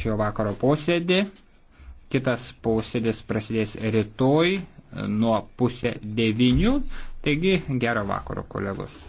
šio vakaro posėdį. Kitas posėdis prasidės rytoj nuo pusė devinių. Taigi gerą vakarą, kolegos.